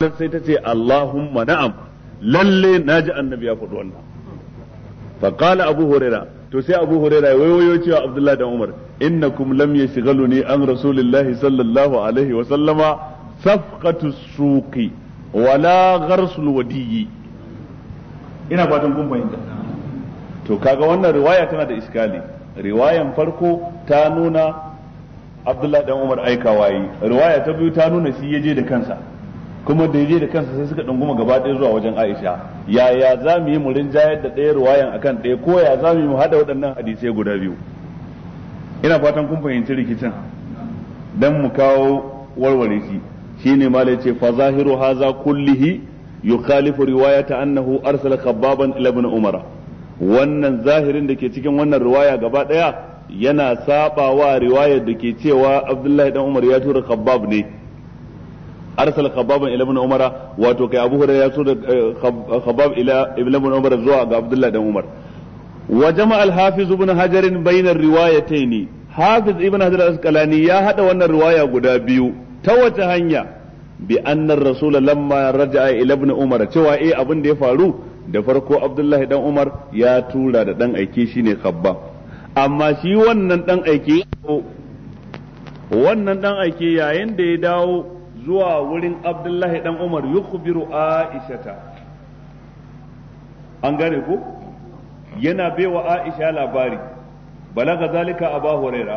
nan sai ta ce Allahumma na'am lalle ji annabi ya faɗi wannan fa qala abu huraira to sai abu huraira wayoyo cewa abdullahi dan umar innakum lam yashghaluni an rasulillahi sallallahu alaihi wa sallama safqatu suqi wala gharsul wadiyi ina fatan kun fahimta to kaga wannan riwaya tana da iskali riwayan farko ta nuna abdullahi dan umar aikawa yi riwaya ta biyu ta nuna shi yaje da kansa kuma da yaje da kansa sai suka dunguma gaba ɗaya zuwa wajen Aisha yaya za mu yi mu rinjayar da ɗaya ruwayan akan ɗaya ko ya za mu yi mu haɗa waɗannan hadisai guda biyu ina fatan kun fahimci rikicin dan mu kawo warware shi shine malai ce fa zahiru haza kullihi yukhalifu riwayata annahu arsala khabbaban ila ibn umara wannan zahirin da ke cikin wannan riwaya gaba ɗaya yana sabawa riwayar da ke cewa abdullahi dan umar ya tura khabbab ne arsal خباب ila ابن umara wato kai abu hurairah ya so da eh, khabab ila umara zuwa ga dan umar wa jama'a al-hafiz ibn hajar bayna riwayatayn hafiz ibn hajar al ya haɗa wannan riwaya guda biyu ta wata hanya bi anna ar-rasul lamma raja'a ila ibn umara cewa eh abin da ya faru da farko abdullahi dan umar ya tura da dan aike shine khabbab amma shi wannan dan aike wannan dan aike yayin da ya dawo zuwa wurin abdullahi dan umar yukhbiru aishata an gane ko yana baiwa aisha labari balaga zalika aba huraira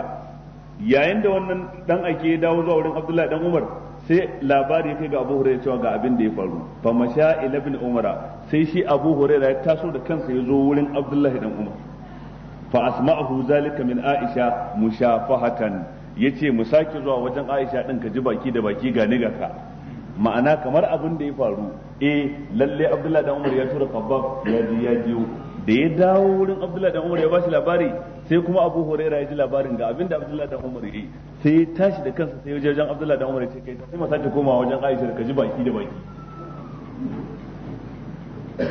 yayin da wannan dan ake dawo zuwa wurin abdullahi dan umar sai labari ya kai ga abu huraira cewa ga abin da ya faru fa masha ila ibn umara sai shi abu huraira ya taso da kansa ya zo wurin abdullahi dan umar fa asma'ahu zalika min aisha mushafahatan Ya ce mu sake zuwa wajen Aisha ɗin ka ji baki da baki gane ga ka ma'ana kamar abin da ya faru eh lalle Abdullahi dan Umar ya tura kabbab ya ji ya ji da ya dawo wurin Abdullahi dan Umar ya bashi labari sai kuma Abu Huraira ya ji labarin ga abin da Abdullahi dan Umar ya yi sai ya tashi da kansa sai ya je wajen Abdullahi dan Umar ya ce kai sai mu sake komawa wajen Aisha ka ji baki da baki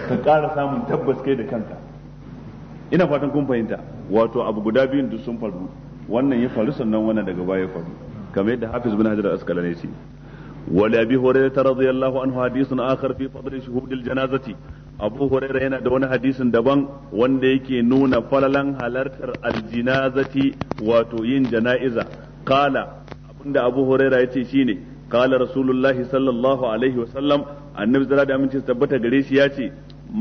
ka ƙara samun tabbas kai da kanka ina fatan kun fahimta wato abu guda biyun duk sun faru wannan ya faru sannan wannan daga baya faru kamar yadda hafiz bin hajar askalani ce wali abi hurairah radiyallahu anhu hadithun akhar fi fadl shuhudil janazati abu hurairah yana da wani hadisin daban wanda yake nuna falalan halartar aljinazati wato yin jana'iza qala abinda abu hurairah yace shine qala rasulullahi sallallahu alaihi wa sallam. annabi zara da aminci tabbata gare shi yace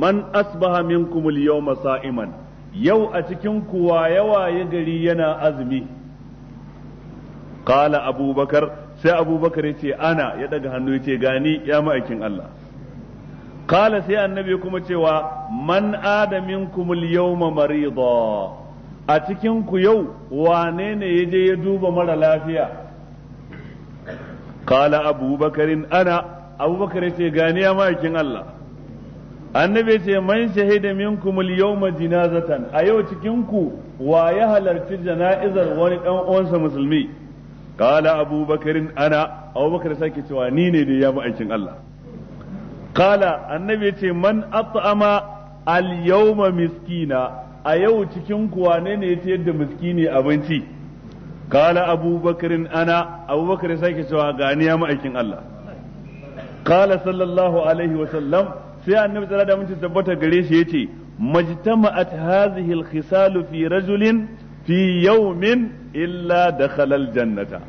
man asbaha minkum al-yawma sa'iman yau a cikin kuwa yawa ya gari yana azumi kala abubakar sai abubakar ya ce ana ya daga hannu ya ce gani ya ma'aikin Allah kala sai annabi kuma cewa man adamin kumul yawma marida a cikin ku yau wane ne ya je ya duba mara lafiya kala abubakarin ana abubakar ya ce gani ya ma'aikin Allah annabi ce man shahida minkum al-yawma jinazatan a yau cikin ku wa ya halarci jana'izar wani dan uwansa musulmi qala abubakar ana abubakar sake cewa ni ne da ya bi aikin Allah qala annabi ce man at'ama al-yawma miskina a yau cikin ku wane ne ya ciyar da miskini abinci qala abubakar ana abubakar sake cewa ga ni ya aikin Allah qala sallallahu alaihi wa sallam sai annabi tsara da mutum tabbata gare shi yace majtama'at hadhihi al fi rajulin fi yawmin illa dakhala al-jannata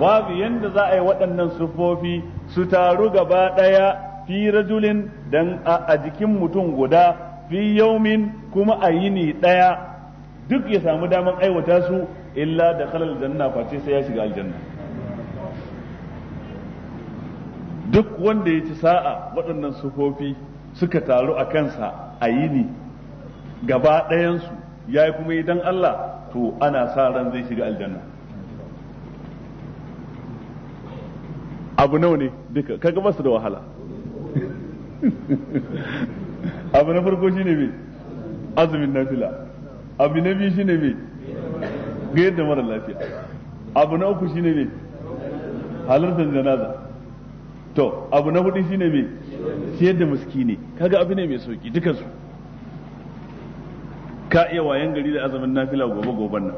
babu yanda za a yi waɗannan sufofi su taru gaba ɗaya fi rajulin dan a jikin mutum guda fi yawmin kuma a yini ɗaya duk ya samu daman aiwata su illa dakhala al-janna face sai ya shiga aljanna duk wanda ya ci sa'a waɗannan sufofi suka taru a kansa a yini gaba ɗayansu ya yi kuma idan Allah to ana sa ran zai shiga aljanna abu nawa ne duka kaga basu da wahala abu na farko shine me azumin nafila abu na biyu shine me ga yadda mara lafiya abu na uku shine me halartar janaza to abu na hudu shine me ciyar da miskini kaga abu ne mai sauki dukan su ka iya wayan gari da azumin nafila gobe goben nan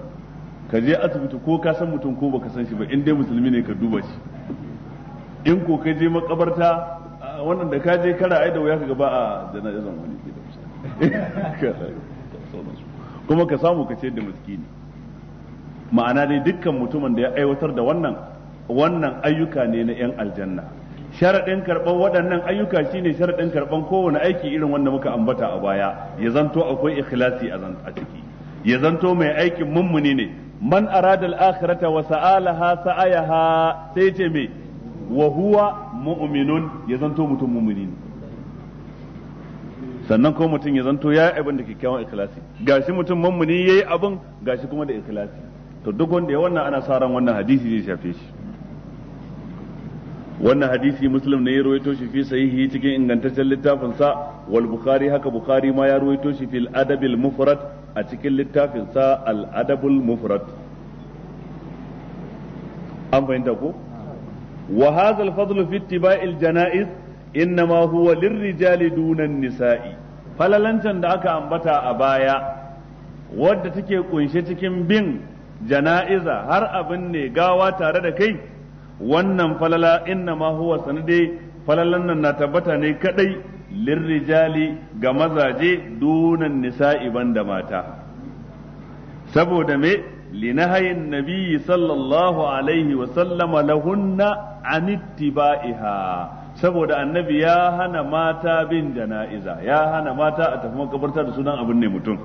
ka je asibiti ko ka san mutum ko baka san shi ba in dai musulmi ne ka duba shi in ko ka je makabarta wannan da ka je kara ai da wuya ka gaba a janazan wani ke da kuma ka samu ka ciyar da miskini ma'ana dai dukkan mutumin da ya aiwatar da wannan wannan ayyuka ne na 'yan aljanna sharaɗin karɓar waɗannan ayyuka shine sharaɗin karɓar kowane aiki irin wanda muka ambata a baya ya zanto akwai ikhlasi a ciki ya zanto mai aikin mummuni ne man arada al-akhirata wa sa'alaha sa'ayaha sai ce me wa huwa mu'minun ya zanto mutum mummuni ne sannan ko mutum ya zanto yayi abin da kyakkyawan ikhlasi gashi mutum mummuni yayi abin gashi kuma da ikhlasi to duk wanda ya wannan ana sa ran wannan hadisi zai shafe shi wannan hadisi muslim ne ya rawaito shi fi sahihi cikin ingantaccen littafin sa wal bukhari haka bukhari ma ya rawaito shi fil adabil mufrad a cikin littafin sa al adabul mufrad an fahimta ko wa hadha al fadl fi ittiba'il janaiz innama huwa lirrijali duna nisa'i falalancan da aka ambata a baya wadda take kunshe cikin bin jana'iza har abin ne gawa tare da kai wannan falala inna ma huwa sanade falalan nan na tabbata ne kadai lirrijali ga mazaje dunan nisa'i banda mata saboda me linahayin nabiyyi sallallahu alaihi wa sallama lahunna an ittiba'iha saboda annabi ya hana mata bin jana'iza ya hana mata a tafi makabarta da sunan abin ne mutum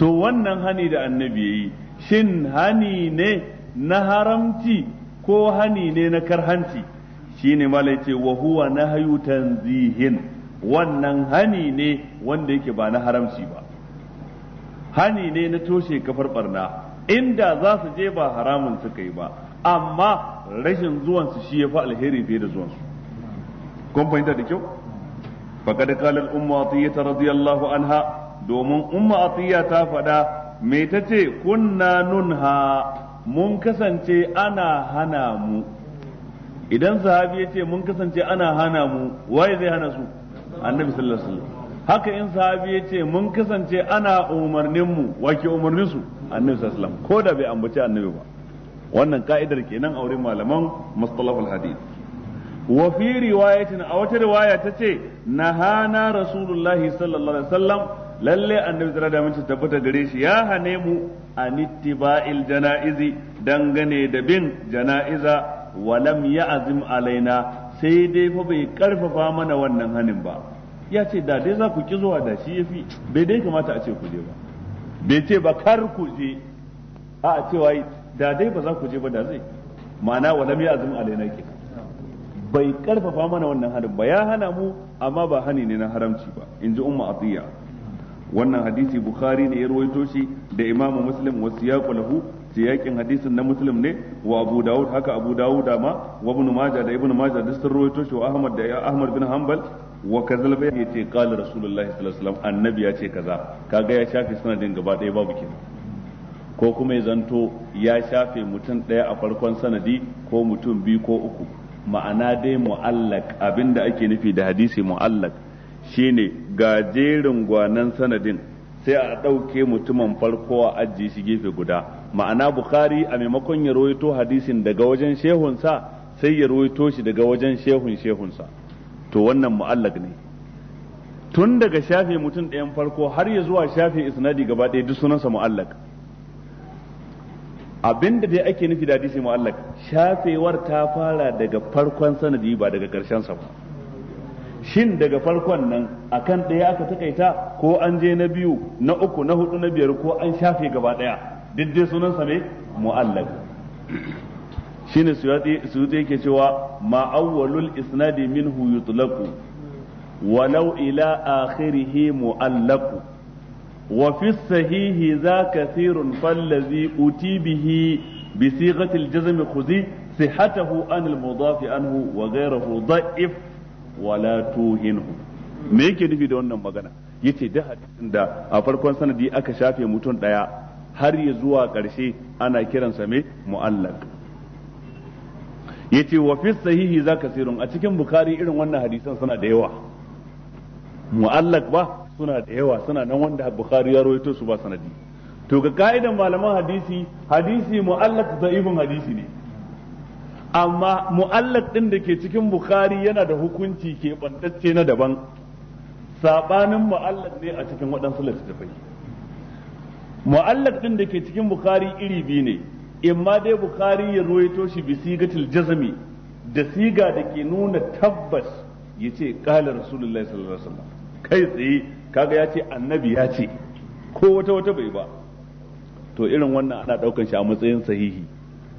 to wannan hani da annabi yayi shin hani ne na haramci ko hani ne na karhanci shine malai ce wa huwa nahyu tanzihin wannan hani ne wanda yake ba na haramci ba hani ne na toshe kafar barna inda za su je ba haramun suka yi ba amma rashin zuwansu shi ya fi alheri fiye da zuwansu kun fahimta da kyau faqad qala al-ummu atiyya radiyallahu anha domin umma atiyya ta faɗa me tace kunna nunha mun kasance ana hana mu idan sahabi ya ce mun kasance ana hana mu waye zai hana su annabi sallallahu alaihi wasallam haka in sahabi ya ce mun kasance ana umarnin mu wake umarnin su annabi sallallahu alaihi wasallam ko da bai ambaci annabi ba wannan ka'idar kenan wurin malaman mustalahul hadith wa fi riwayatin a wata riwaya tace nahana rasulullahi sallallahu alaihi wasallam lalle annabi tsara da mun tabbata gare shi ya hane mu an ittiba'il janaizi dangane da bin janaiza walam ya'zim alaina sai dai fa bai karfafa mana wannan hanin ba ya ce da dai za ku ki zuwa da shi yafi bai dai kamata a ce ku je ba bai ce ba kar ku je a cewa da dai ba za ku je ba da zai ma'ana walam ya'zim alaina ke. bai karfafa mana wannan hanin ba ya hana mu amma ba hani ne na haramci ba in ji umma atiya wannan hadisi bukhari ne ya rawaito shi da imamu muslim wa siyaqu lahu yakin hadisin na muslim ne wa abu dawud haka abu dawud ma wa ibn majah da ibn majah duk sun rawaito shi wa ahmad da ahmad bin hanbal wa kazal bai yace qala rasulullahi sallallahu alaihi wasallam annabi ya ce kaza kaga ya shafe sanadin gaba daya babu kenan ko kuma ya zanto ya shafe mutum daya a farkon sanadi ko mutum biyu ko uku ma'ana dai mu'allaq abinda ake nufi da hadisi mu'allaq shine ga jerin gwanan sanadin sai a ɗauke mutumin farko a ajiye shi gefe guda ma'ana bukhari a maimakon ya rawaito hadisin daga wajen shehunsa sai ya rawaito shi daga wajen shehun shehunsa to wannan mu'allak ne tun daga shafe mutum ɗayan farko har ya zuwa shafe isnadi gaba ɗaya duk sunansa mu'allak abin da dai ake nufi da hadisi mu'allak shafewar ta fara daga farkon sanadi ba daga ƙarshen sa ba shin daga farkon nan akan ɗaya aka takaita ko an je na biyu na uku na hudu na biyar ko an shafe gaba ɗaya duk dai sunansa ne mu'allaq shine suyati suyati yake cewa ma awwalul isnadi minhu yutlaqu walau ila akhirihi mu'allaq wa fi sahihi za kathirun fallazi uti bihi bi sighati al-jazm khuzi sihhatahu an al anhu wa gairahu da'if wala tuhinhu me yake nufi da wannan magana yace da hadisin da a farkon sanadi aka shafe mutum daya har ya zuwa ƙarshe ana kiransa me mu'allaq yace wa fi sahihi zaka sirun a cikin bukhari irin wannan hadisan suna da yawa mu'allaq ba suna da yawa suna nan wanda bukhari ya rawaito su ba sanadi to ga ka'idan malaman hadisi hadisi mu'allaq ibn hadisi ne amma mu'allaq din da ke cikin bukhari yana da hukunci ke bantacce na daban sabanin mu'allaq ne a cikin waɗansu littattafai mu'allaq din da ke cikin bukhari iri biyu ne imma dai bukhari ya ruwaito shi bi sigatul jazmi da siga da ke nuna tabbas yace qala rasulullahi sallallahu alaihi wasallam kai tsaye kaga yace annabi yace ce ko wata wata bai ba to irin wannan ana daukan shi a matsayin sahihi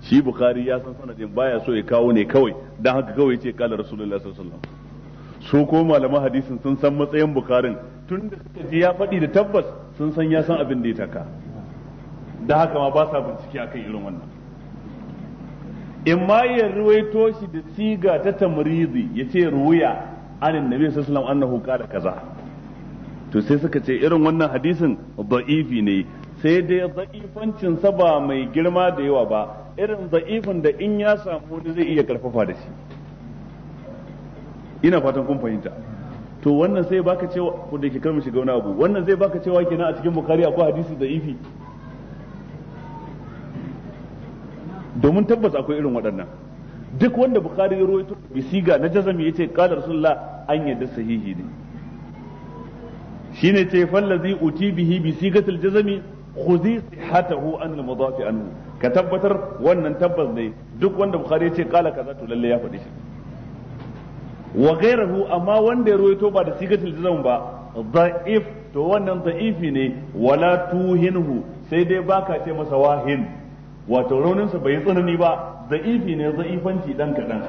shi bukari ya san sanadin baya so ya kawo ne kawai dan haka kawai yace kala rasulullahi sallallahu alaihi wasallam su ko malaman hadisin sun san matsayin bukarin tun da suka ji ya faɗi da tabbas sun san ya san abin da ya taka da haka ma ba sa bincike akan irin wannan in ma ya ruwaito shi da siga ta tamrizi yace ruwiya anin nabi sallallahu alaihi wasallam kaza to sai suka ce irin wannan hadisin da'ifi ne sai dai sa ba mai girma da yawa ba irin za'ifin da in ya samu wani zai iya karfafa da shi ina fatan kun fahimta to wannan sai baka cewa ko da ke karmi shiga wani abu wannan zai baka cewa kenan a cikin bukari akwai hadisi za'ifi domin tabbas akwai irin waɗannan duk wanda bukari ya rawaito bisiga na jazami yace qala rasulullah an yadda sahihi ne shine ce fallazi uti bihi bisigatil jazami khudhi sihhatahu an al-mudaf anhu ka tabbatar wannan tabbas ne duk wanda bukhari yace kala kaza to lalle ya faɗi shi wa ghayruhu amma wanda ya ruwaito ba da sigatul jazm ba da'if to wannan da'ifi ne wala tuhinhu sai dai baka ce masa wahin wato rauninsa bai yi tsanani ba da'ifi ne da'ifanci dan kadan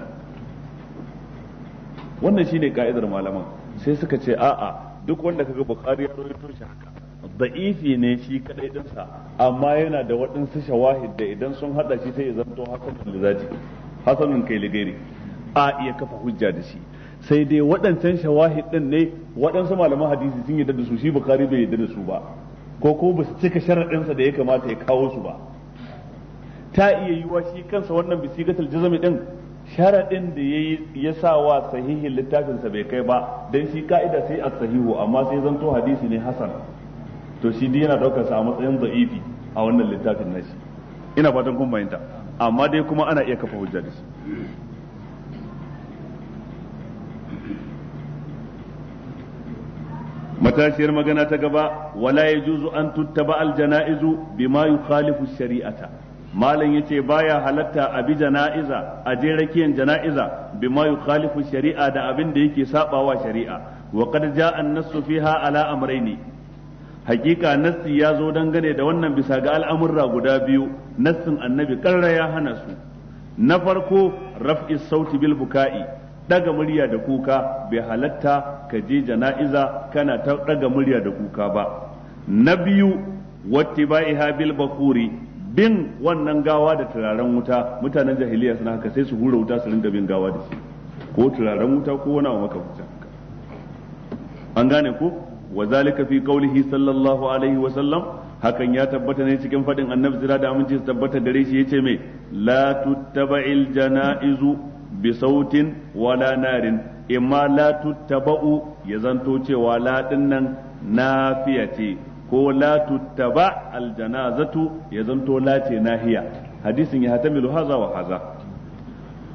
wannan shine ka'idar malaman sai suka ce a'a duk wanda kaga bukhari ya ruwaito shi haka da'ifi ne shi kadai dinsa amma yana da waɗansu shawahid da idan sun hada shi sai ya zanto hasanun lizati hasanun kai ligari a iya kafa hujja da shi sai dai waɗancan shawahid din ne waɗansu malaman hadisi sun yadda da su shi bukari bai yadda da su ba ko ko ba su cika sharaɗinsa da ya kamata ya kawo su ba ta iya yiwa shi kansa wannan bisigatul jazmi din sharaɗin da ya sa wa sahihin littafinsa bai kai ba don shi ka'ida sai a sahihu amma sai zanto hadisi ne hasan to shi dai yana daukar sa a matsayin za'ifi a wannan littafin nashi ina fatan kun fahimta amma dai kuma ana iya kafa hujja da shi matashiyar magana ta gaba wala yajuzu an tuttaba al janaizu bima yukhalifu shari'ata malam yace baya halatta abi janaiza a je rakiyan janaiza bima yukhalifu shari'a da abin da yake sabawa shari'a wa qad jaa an nasu fiha ala amrayni hakika nassi ya zo dangane da wannan bisa ga al'amurra guda biyu nassin annabi karra ya hana su na farko raf'is sauti bil buka'i daga murya da kuka bai halatta ka je jana'iza kana ta daga murya da kuka ba na biyu wattiba'iha bil bakuri bin wannan gawa da turaren wuta mutanen jahiliya suna haka sai su hura wuta su ringa bin gawa da shi ko turaren wuta ko wani abu maka an gane ko wa zalika fi qawlihi sallallahu alaihi wa sallam hakan ya tabbata ne cikin faɗin annabi zira da aminci tabbata gare shi yace me la tuttaba'il janaizu bi sautin wala narin imma la tuttaba'u ya zanto cewa la dinnan nafiya ce ko la tuttaba al janazatu ya zanto la ce nahiya hadisin ya hatamilu haza wa haza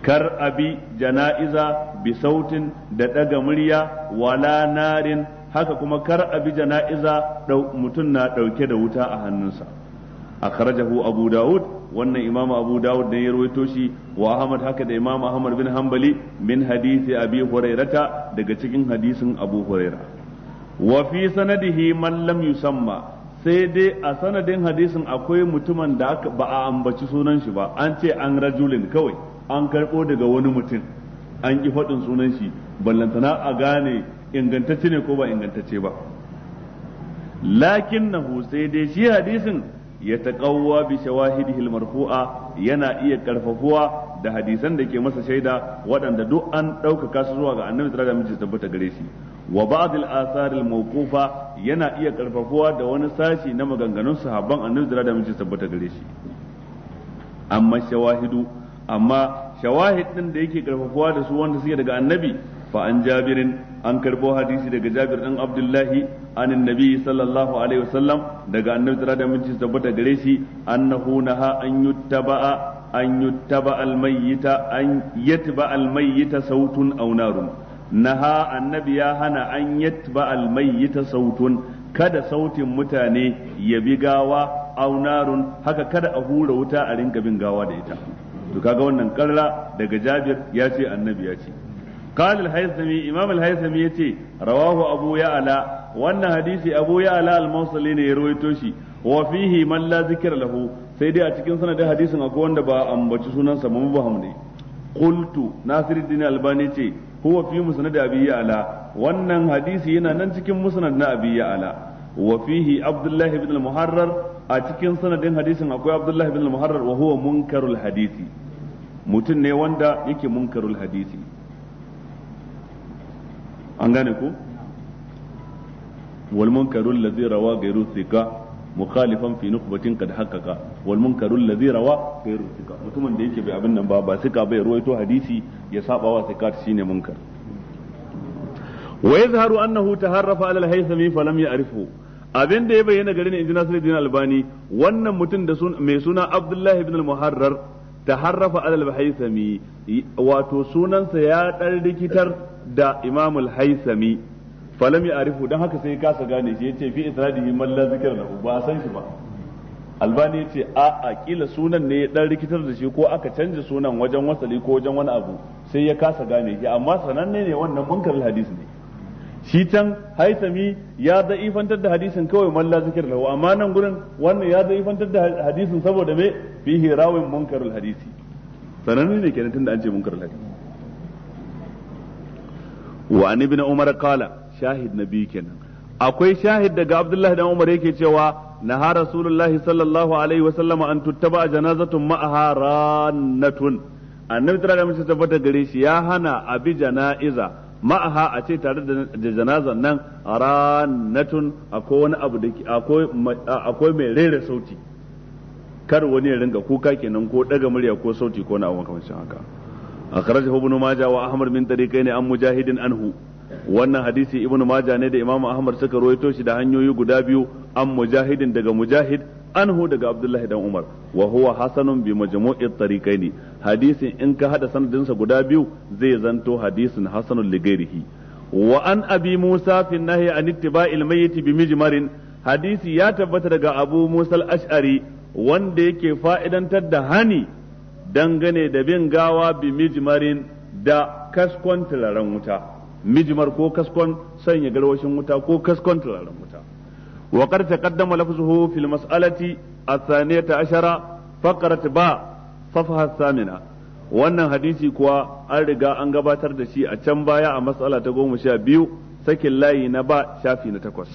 kar abi jana'iza bi sautin da ɗaga murya wala narin haka kuma kar a bi jana'iza mutum na ɗauke da wuta a hannunsa hu abu Dawud. wannan imam abu Dawud ne ya rawaito shi wa ahmad haka da imam ahmad bin Hambali min hadisi abi hurairata daga cikin hadisin abu huraira wa fi sanadihi man lam yusamma sai dai a sanadin hadisin akwai mutumin da ba a ambaci sunan shi ba an ce an rajulin kawai an karɓo daga wani mutum an ki faɗin sunan shi ballantana a gane ingantacce ne ko ba ingantacce ba nahu sai dai shi hadisin ya taqawwa bi shawahidihil marfu'a yana iya karfafuwa da hadisan da ke masa shaida waɗanda duk an ɗaukaka su zuwa ga annabi sallallahu alaihi wasallam tabbata gare shi wa ba'd al-athar al-mawqufa yana iya karfafuwa da wani sashi na maganganun sahabban annabi sallallahu alaihi wasallam tabbata gare shi amma shawahidu amma shawahid din da yake karfafuwa da su wanda suke daga annabi fa an jabirin karbo hadisi daga jabir dan abdullahi anin nabi sallallahu daga annabi da minci tabbata gare shi annahu naha annabi ya hana an yatba almayyita kada sautin mutane ya bi gawa aw haka kada a hura wuta a rinka bin gawa da ita to kaga wannan karra daga jabir ya ce annabi ya ce قال الهيثمي امام الهيثمي يتي رواه ابو يعلى wannan hadisi abu ya ala al-mawsali ne ya rawaito shi wafihi fihi man la zikra sai dai a cikin sanadin hadisin akwai wanda ba ambaci sunansa ba mubham ne qultu nasiruddin albani ce huwa fi musnad abi ya ala wannan hadisi yana nan cikin musnad na abi ya ala wa abdullahi ibn al-muharrar a cikin sanadin hadisin akwai abdullahi ibn al-muharrar wa munkarul hadisi mutum ne wanda yake munkarul hadisi an gane ku wal munkaru allazi rawa ghayru thiqa mukhalifan fi nukhbatin kad haqqaqa wal munkaru rawa ghayru thiqa mutumin da yake bai abin nan ba ba thiqa bai ruwaito hadisi ya saba wa thiqa shine munkar wa yadhharu annahu taharrafa ala al-haythami falam ya'rifu abin da ya bayyana garin inji Nasiruddin Albani wannan mutum da mai suna Abdullah ibn al-Muharrar taharrafa ala al-haythami wato sunansa ya dan rikitar da imamul haisami falam ya arifu don haka sai kasa gane shi yace fi isnadihi man la zikr lahu ba san shi ba albani yace a aqila sunan ne ya dan rikitar da shi ko aka canza sunan wajen wasali ko wajen wani abu sai ya kasa gane shi amma sananne ne wannan munkarul hadis ne shi can haisami ya da'ifantar da hadisin kawai man la zikr lahu amma nan gurin wannan ya da'ifantar da hadisin saboda me fihi rawin munkarul hadisi sananne ne kenan tunda an ce munkarul hadisi wa an ibn umar qala shahid na nabi kenan akwai shahid daga abdullahi dan umar yake cewa naha rasulullahi sallallahu alaihi wa sallama an tuttaba janazatun ma'aha ranatun annabi tara da mace ta tabbata gare shi ya hana abi janaiza ma'aha a ce tare da janazan nan ranatun akwai wani abu da ke akwai mai rera sauti kar wani ya ringa kuka kenan ko daga murya ko sauti ko na abu makamancin haka akhrajahu ibn majah wa ahmad min tariqain an mujahidin anhu wannan hadisi ibn majah ne da imamu ahmad suka ruwaito shi da hanyoyi guda biyu an mujahidin daga mujahid anhu daga abdullahi dan umar wa huwa hasanun bi majmu'i tariqaini hadisin in ka hada sanadinsa guda biyu zai zanto hadisin hasanun li ghairihi wa an abi musa fi nahi an ittiba'il mayyit bi mijmarin hadisi ya tabbata daga abu musa al-ash'ari wanda yake fa'idantar da hani dangane da bin gawa bi mijmarin da kaskon tularen wuta mijmar ko kaskon sanya garwashin wuta ko kaskon tularen wuta wa qad taqaddama lafzuhu fil mas'alati athaniyata ashara faqrat ba safha samina wannan hadisi kuwa an riga an gabatar da shi a can baya a mas'ala ta goma sha biyu sakin layi na ba shafi na takwas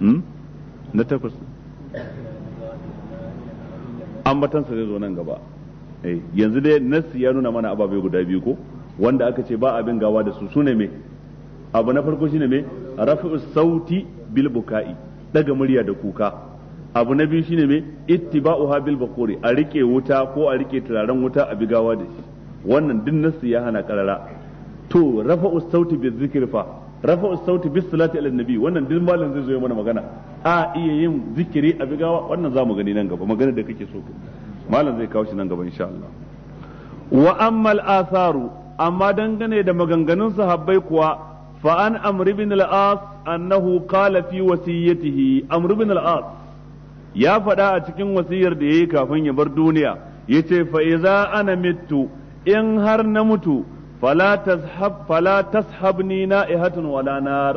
hmm? na takwas ambatansa zai zo nan gaba eh, yanzu dai nassi ya nuna mana ababe guda biyu ko wanda aka ce ba abin gawa da su su me abu na farko shine me rafu sauti bil buka'i daga murya da kuka abu na biyu shine me ittiba'uha bil bakuri a rike wuta ko a rike turaren wuta a bigawa da shi wannan din nassi ya hana karara to rafa'u sauti bil zikri rafa sauti bis salati ala nabi wannan duk malam zai zo mana magana a iya yin zikiri a bigawa wannan zamu gani nan gaba magana da kake so malam zai kawo shi nan gaba insha Allah wa amma al-atharu amma dangane da maganganun sahabbai kuwa fa an amr ibn al-as annahu qala fi wasiyatihi amr ibn al-as ya faɗa a cikin wasiyar da yayi kafin ya bar duniya yace fa idza ana mittu in har na mutu fala tashab fala tashabni na'ihatun wala nar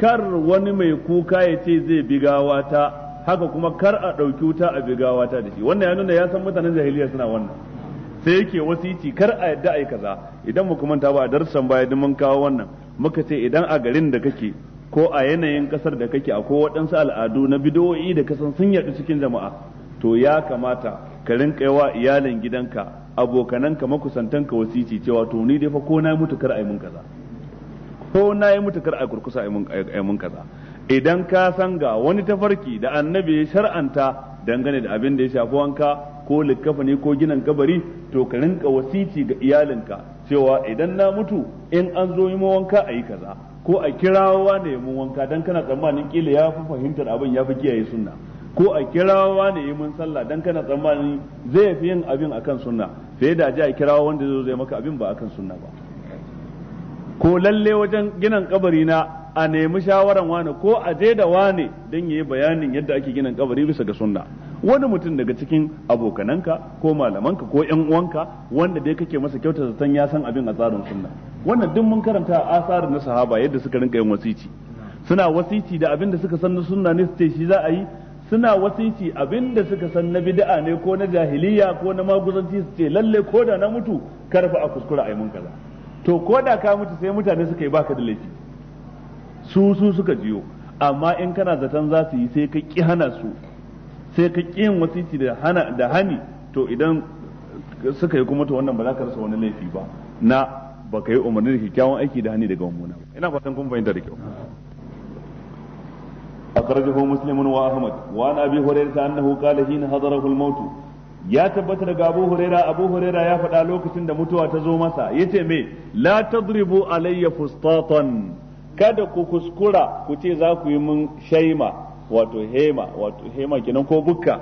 kar wani mai kuka ya ce zai bigawa ta haka kuma kar a ɗauki wuta a bigawa ta da shi wannan ya nuna ya san mutanen jahiliya suna wannan sai yake wasici kar a yadda ai kaza idan muka manta ba a darsan baya duk mun kawo wannan muka ce idan a garin da kake ko a yanayin kasar da kake akwai waɗansu al'adu na bidowoyi da kasan sun yaɗu cikin jama'a to ya kamata ka rinka wa iyalin gidanka abokananka makusantanka wasici cewa to ni dai fa ko na mutu kar yi mun kaza ko na yi mutu kar ai kurkusa yi mun kaza idan ka san ga wani tafarki da annabi ya shar'anta dangane da abin da ya shafi wanka ko likkafani ko ginan kabari to ka rinka wasici ga iyalinka cewa idan na mutu in an zo yi wanka a yi kaza ko a kira ne mun wanka dan kana tsammanin kila ya fi fahimtar abin ya fi kiyaye sunna ko a kirawa ne yi mun sallah dan kana tsammanin zai fi yin abin akan sunna fiye da ji a kirawo wanda zai zai maka abin ba akan sunna ba ko lalle wajen ginin kabari na a nemi shawaran wane ko a je da wane don yi bayanin yadda ake ginin kabari bisa ga sunna wani mutum daga cikin abokananka ko malamanka ko yan uwanka wanda dai kake masa kyauta zaton ya san abin a tsarin sunna wannan duk mun karanta a asarin na sahaba yadda suka rinka yin wasici suna wasici da abin da suka san na sunna ne su ce shi za a yi suna wasici abinda suka san na bid'a ne ko na jahiliya ko na maguzanci su ce lalle ko da na mutu karfa a kuskura a yi mun kaza to ko da ka mutu sai mutane suka yi baka da laifi su su suka jiyo amma in kana zaton za su yi sai ka ki hana su sai ka ki yin wasici da hana da hani to idan suka yi kuma to wannan ba za ka rasa wani laifi ba na baka yi umarni da kyakkyawan aiki da hani daga mummuna ina fatan kun fahimta da kyau أخرجه مسلم وأحمد وعن أبي هريرة da قال حين حضره الموت ya tabbata daga Abu Huraira Abu Huraira ya faɗa lokacin da mutuwa ta zo masa yace me la tadribu alayya fustatan kada ku kuskura ku ce za ku yi mun shaima wato hema wato hema kenan ko bukka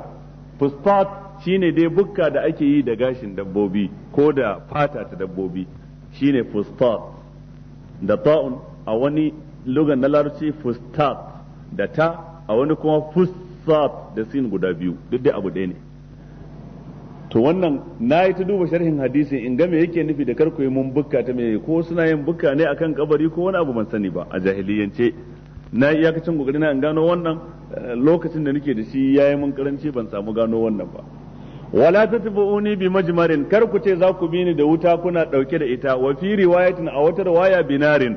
fustat shine dai bukka da ake yi da gashin dabbobi ko da fata ta dabbobi shine fustat da ta'un a wani lugan na larabci fustat da ta a wani kuma fusat da sin guda biyu duk da abu ɗaya ne to wannan na yi ta duba sharhin hadisin in ga me yake nufi da karku yi mun bukka ta mai ko suna yin bukka ne akan kabari ko wani abu ban sani ba a jahiliyance na yi iyakacin kokari na in gano wannan eh, lokacin da nake da shi ya yi mun karanci ban samu gano wannan ba wala tatbu'uni bi majmarin kar ku ce za ku bi ni da wuta kuna dauke da ita wa fi riwayatin a wata riwaya binarin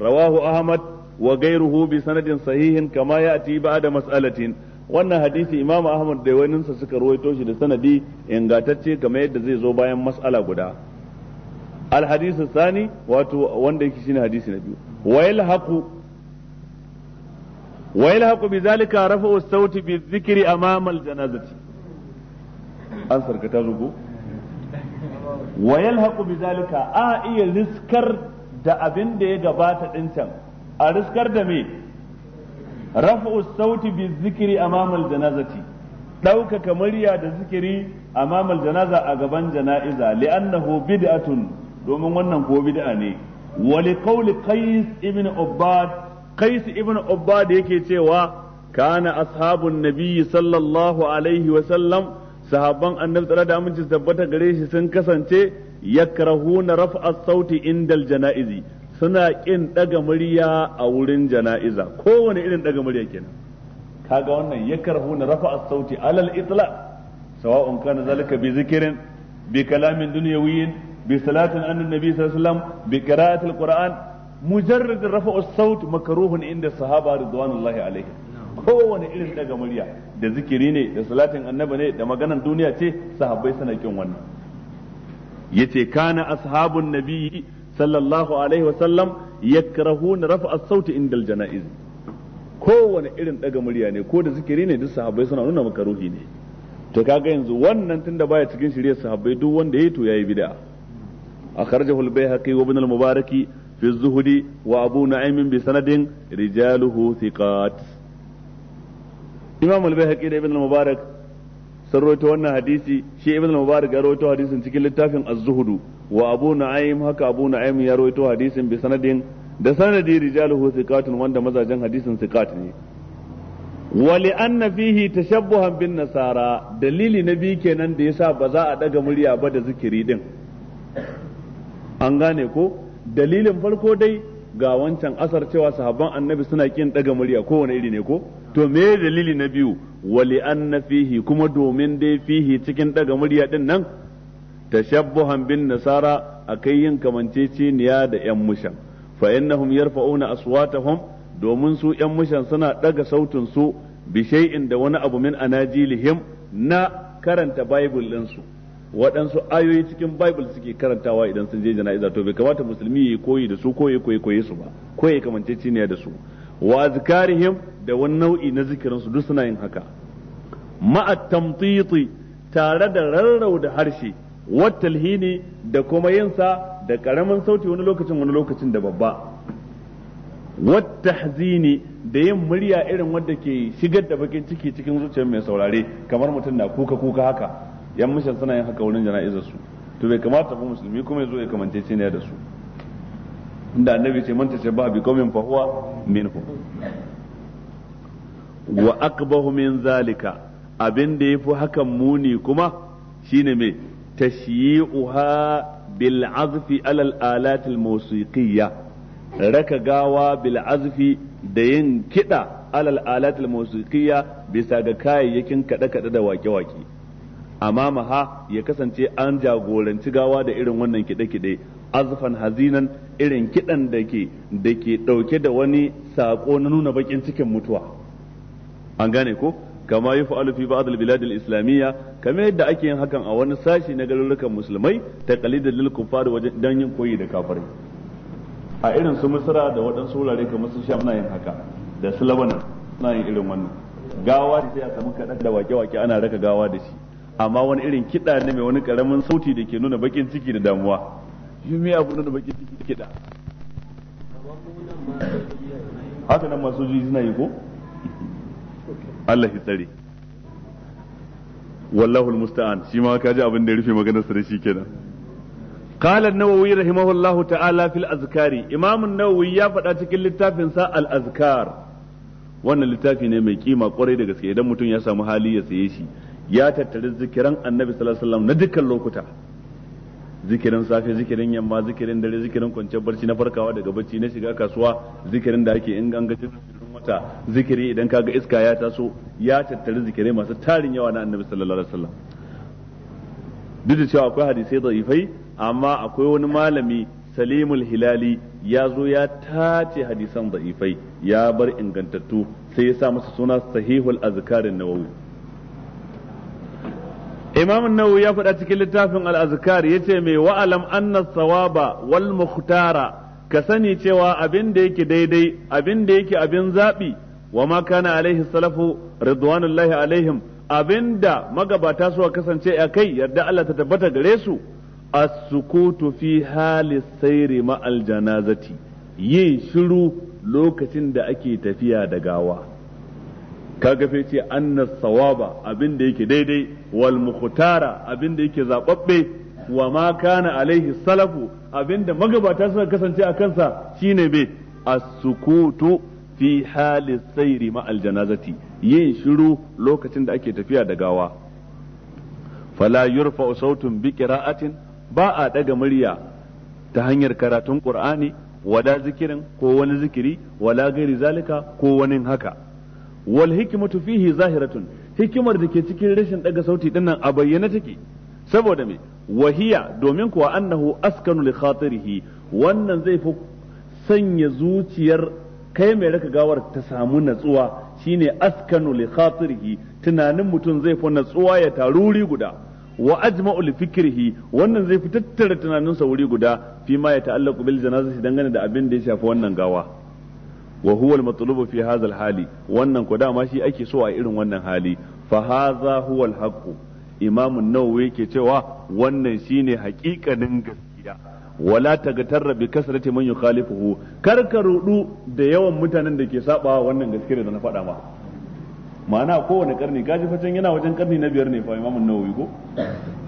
rawahu ahmad wa ghayruhu bi sanadin sahihin kama ya'ti ba'da mas'alatin wannan hadisi Imam Ahmad da waninsa suka ruwaito shi da sanadi ingantacce kamar yadda zai zo bayan mas'ala guda al hadisi sani wato wanda yake shine hadisi na biyu wa yalhaqu wa yalhaqu bi zalika rafa'u as-sawti bi dhikri amama al-janazati an sarkata zugo wa yalhaqu bi zalika a iya riskar da abin da ya gabata din a riskar da me raf'u sauti bi zikiri amamal janazati ɗaukaka murya da zikiri amamal janaza a gaban jana'iza li'annahu bid'atun domin wannan ko bid'a ne wa qawli qais ibn ubad qais ibn ubad yake cewa kana ashabun nabiyyi sallallahu alaihi wa sallam sahabban annabi tsara da aminci tabbata gare shi sun kasance yakrahuna raf'a sauti indal janaizi suna ƙin ɗaga murya a wurin jana'iza kowane irin ɗaga murya kenan kaga wannan ya karhu na rafa sauti alal itla sawa'un kana zalika bi zikirin bi kalamin dunyawiyin bi salatin annan sallallahu bi qira'atil qur'an mujarrad rafa saut makruhun inda sahaba ridwanullahi alaihi kowane irin daga murya da zikiri ne da salatin annabi ne da maganan duniya ce sahabbai suna kin wannan yace kana ashabun nabiyyi sallallahu alaihi wasallam na rafa as-sauti indal janaiz kowane irin daga murya ne ko da zikiri ne duk sahabbai suna nuna maka ruhi ne to kaga yanzu wannan tunda baya cikin shirye sahabbai duk wanda yayi to yayi bid'a akhrajahu al-baihaqi wa ibn al-mubaraki fi az wa abu na'im bi sanadin rijaluhu thiqat imam al-baihaqi da ibn al-mubarak sun rawaito wannan hadisi shi ibn al-mubarak ya rawaito hadisin cikin littafin az-zuhdu wa abu na'im haka abu na'im ya rawaito hadisin bi sanadin da sanadi rijaluhu thiqatun wanda mazajen hadisin thiqat ne wa anna fihi tashabbuhan bin nasara dalili na bi kenan da yasa ba za a daga murya ba da zikiri din an gane ko dalilin farko dai ga wancan asar cewa sahabban annabi suna kin daga murya kowane iri ne ko to me dalili na biyu wa anna fihi kuma domin dai fihi cikin daga murya din nan tashabbuhan bin nasara akai yin kamanceceniya da yan mushan fa innahum yarfa'una aswatahum domin su yan mushan suna daga sautin su bi shay'in da wani abu min anajilihim na karanta bible din su waɗansu ayoyi cikin bible suke karantawa idan sun je jana'iza to bai kamata musulmi ya koyi da su ko koyi koyi su ba ko ya kamanceceniya da su wa azkarihim da wani nau'i na zikirin su duk suna yin haka ma'a tamtiti tare da rarrau da harshe wattalhini da kuma yinsa da karamin sauti wani lokacin wani lokacin da babba wattahzini da yin murya irin wadda ke shigar da bakin ciki cikin zuciyar mai saurare kamar mutum na kuka kuka haka yan mishan suna yin haka wurin jana'izar su to bai kamata ba musulmi kuma yazo ya kamance ce da su inda annabi ce man tashabba bi qaumin fahuwa minhu wa aqbahu min zalika abin da yafi hakan muni kuma shine me tashyi'uha bil azfi alal alatil musiqiyya raka gawa bil azfi da yin kiɗa alal alatil musiqiyya bisa ga kayayyakin kaɗe-kaɗe da wake-wake amma maha ya kasance an jagoranci gawa da irin wannan kiɗe-kiɗe azfan hazinan irin kiɗan da ke da ke ɗauke da wani saƙo na nuna bakin cikin mutuwa an gane ko kama yi fa'alu fi ba'd al-bilad al-islamiyya kamar yadda ake yin hakan a wani sashi na garurukan musulmai ta kalidar lilkun kuffar wajen dan yin koyi da kafirai a irin su misra da waɗansu wurare kamar su sham na yin haka da su labanan na yin irin wannan gawa da sai a samu kaɗa da wake-wake ana raka gawa da shi amma wani irin kiɗa ne mai wani ƙaramin sauti da ke nuna baƙin ciki da damuwa shi me abu nuna baƙin ciki da kiɗa haka nan masu suna yi ko Allah ya tsare wallahu musta'an shi ma kaji abin da ya rufe maganar sa da shi kenan قال النووي رحمه الله تعالى في الأذكار إمام النووي ya fada cikin littafin sa al-azkar wannan littafi ne mai kima kwarai da gaske idan mutum ya samu hali ya saye shi ya tattari zikiran annabi sallallahu alaihi wasallam na dukkan lokuta zikirin safe zikirin yamma zikirin dare zikirin kwanciyar barci na farkawa daga barci na shiga kasuwa zikirin da ake in mata zikiri idan ga iska ya taso ya tattari zikirai masu tarin yawa na annabi sallallahu alaihi wasallam duk da cewa akwai hadisai da'ifai amma akwai wani malami salimul hilali ya zo ya tace hadisan da'ifai ya bar ingantattu sai ya sa masa suna sahihul azkarin nawawi imam nawawi ya faɗa cikin littafin al-azkar yace mai wa'alam anna sawaba wal mukhtara ka sani cewa abin da yake daidai abin da yake abin zaɓi wa ma kana alaihi salafu ridwanullahi alaihim abin da magabata suka kasance a kai yadda Allah ta tabbata gare su as-sukutu fi hali sayri ma janazati yin shiru lokacin da ake tafiya da gawa kaga fice ce annas sawaba abin da yake daidai wal mukhtara abin da yake zababbe wa ma kana alaihi salafu abinda magabata suka kasance a kansa shine be as-sukutu fi hali sayri ma janazati yin shiru lokacin da ake tafiya da gawa fala yurfa sautun bi qira'atin ba a daga murya ta hanyar karatun qur'ani wala zikirin ko wani zikiri wala gairi zalika ko wani haka wal hikmatu fihi zahiratun hikimar da ke cikin rashin daga sauti dinnan a bayyana take saboda me wahiya domin kuwa annahu askanu li khatirihi wannan zai fi sanya zuciyar kai mai raka gawar ta samu natsuwa shine askanu li khatirihi tunanin mutum zai fi natsuwa ya taru guda wa ajma'u li fikrihi wannan zai fi tattara tunaninsa wuri guda fi ma ya ta'allaqu bil janazati dangane da abin da ya shafi wannan gawa wa huwa al matlubu fi hadha al hali wannan ko dama shi ake so a irin wannan hali fa hadha huwa al haqq imamun nawawi ke cewa wannan shine hakikanin gaskiya wala tagtarra bi kasrati man yukhalifuhu kar ka rudu da yawan mutanen da ke saba wannan gaskiya da na faɗa ma ma'ana kowane karni kaji facen yana wajen karni na biyar ne fa imamun nawawi ko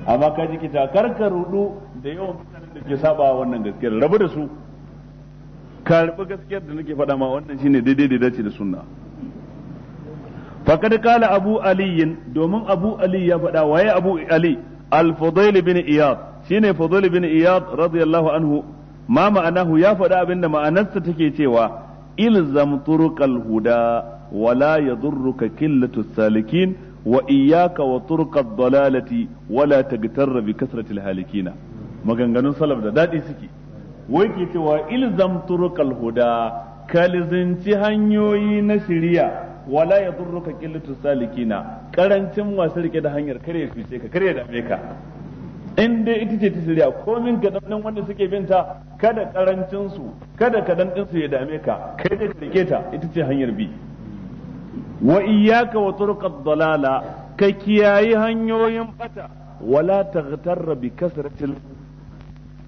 amma kaji kita kar ka rudu da yawan mutanen da ke saba wannan gaskiya rabu da su karbi gaskiyar da nake faɗa ma wannan shine daidai da dace da sunna faqad qala abu ali domin abu ali ya faɗa waye abu ali al-fudail shine fudail bin iyad radiyallahu anhu ma ma'anahu ya faɗa abinda ma'anarsa take cewa ilzam turuqal huda wala yadurruka qillatu salikin wa iyyaka wa turuqad dalalati wala tagtarra bi kasratil halikina maganganun salaf da daɗi suke wai ke cewa ilzam turuqal huda kalizinci hanyoyi na shiriya wala ya ka qillatu salikina karancin masu rike da hanyar kare fice ka kare da ka in ita ce ta shirya komin ga din wanda suke binta kada karancin kada ka ya dame ka kai da rike ta ita ce hanyar bi wa iyyaka wa turqad dalala ka kiyayi hanyoyin bata wala taghtarra bi kasratil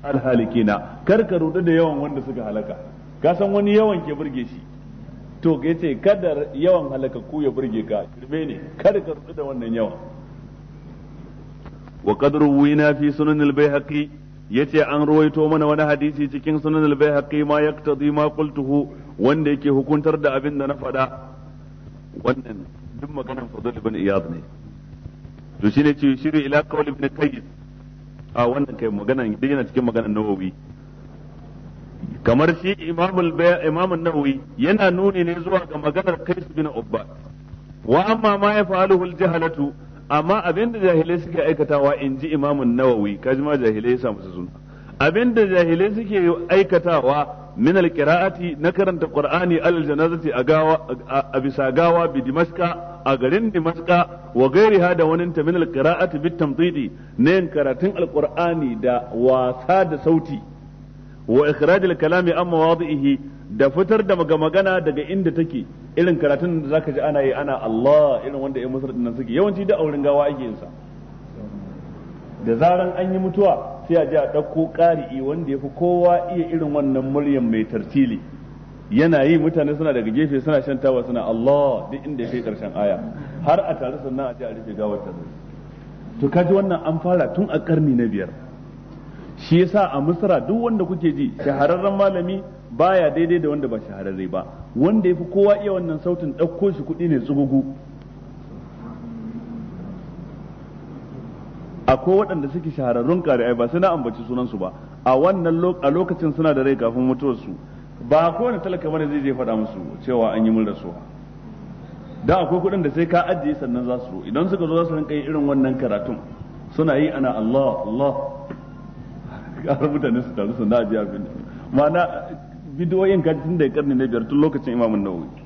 alhalikina kar ka rudu da yawan wanda suka halaka ka san wani yawan ke burge shi to ya ce kada yawan halakaku ya burge ka kirme ne kada ka rubu da wannan yawa. wa qadru wina fi sunan al bayhaqi yace an ruwaito mana wani hadisi cikin sunan al bayhaqi ma yaqtadi ma qultuhu wanda yake hukuntar da abin da na faɗa wannan duk maganar fadl ibn iyad ne to shine ce shiru ila qawl ibn qayyim a wannan kai maganar duk yana cikin maganar nawawi kamar shi imamul imamun nawawi yana nuni ne zuwa ga maganar kai bi bin ubba wa amma ma ya fa'aluhu al-jahalatu amma abinda jahilai suke aikatawa in ji imamun nawawi kaji ma jahilai sa su suna abinda jahilai suke aikatawa min alkira'ati na karanta qur'ani al a gawa a bisa gawa bi a garin dimaska wa gairiha da wani ta min alkira'ati qiraati bit tamdidi ne karatun alkur'ani da wasa da sauti wa ikhrajul kalami amma wadihi da fitar da magana daga inda take irin karatun da zaka ji ana yi ana Allah irin wanda ya musar nan suke yawanci da auren gawa ake yin sa da zaran an yi mutuwa sai a ji a ɗauko qari'i wanda yafi kowa iya irin wannan muryan mai tartili yana yi mutane suna daga gefe suna shan tawa suna Allah duk inda ya karshen aya har a tare sannan a ji a rufe gawar ta to kaji wannan an fara tun a karni na biyar shi yasa a misra duk wanda kuke ji shahararren malami baya daidai da wanda ba shahararre ba wanda yafi kowa iya wannan sautin ɗauko shi kuɗi ne tsugugu akwai waɗanda suke shahararrun ai ba suna ambaci sunansu ba a wannan a lokacin suna da rai kafin mutuwarsu ba kowane talaka bane zai je faɗa musu cewa an yi mun rasuwa dan akwai kuɗin da sai ka ajiye sannan za su idan suka zo za su rinka yin irin wannan karatun suna yi ana Allah Allah har mutane su taru su na ajiya bin ma'ana bidiyoyin kan tun da ya karni na biyar tun lokacin imamun nawawi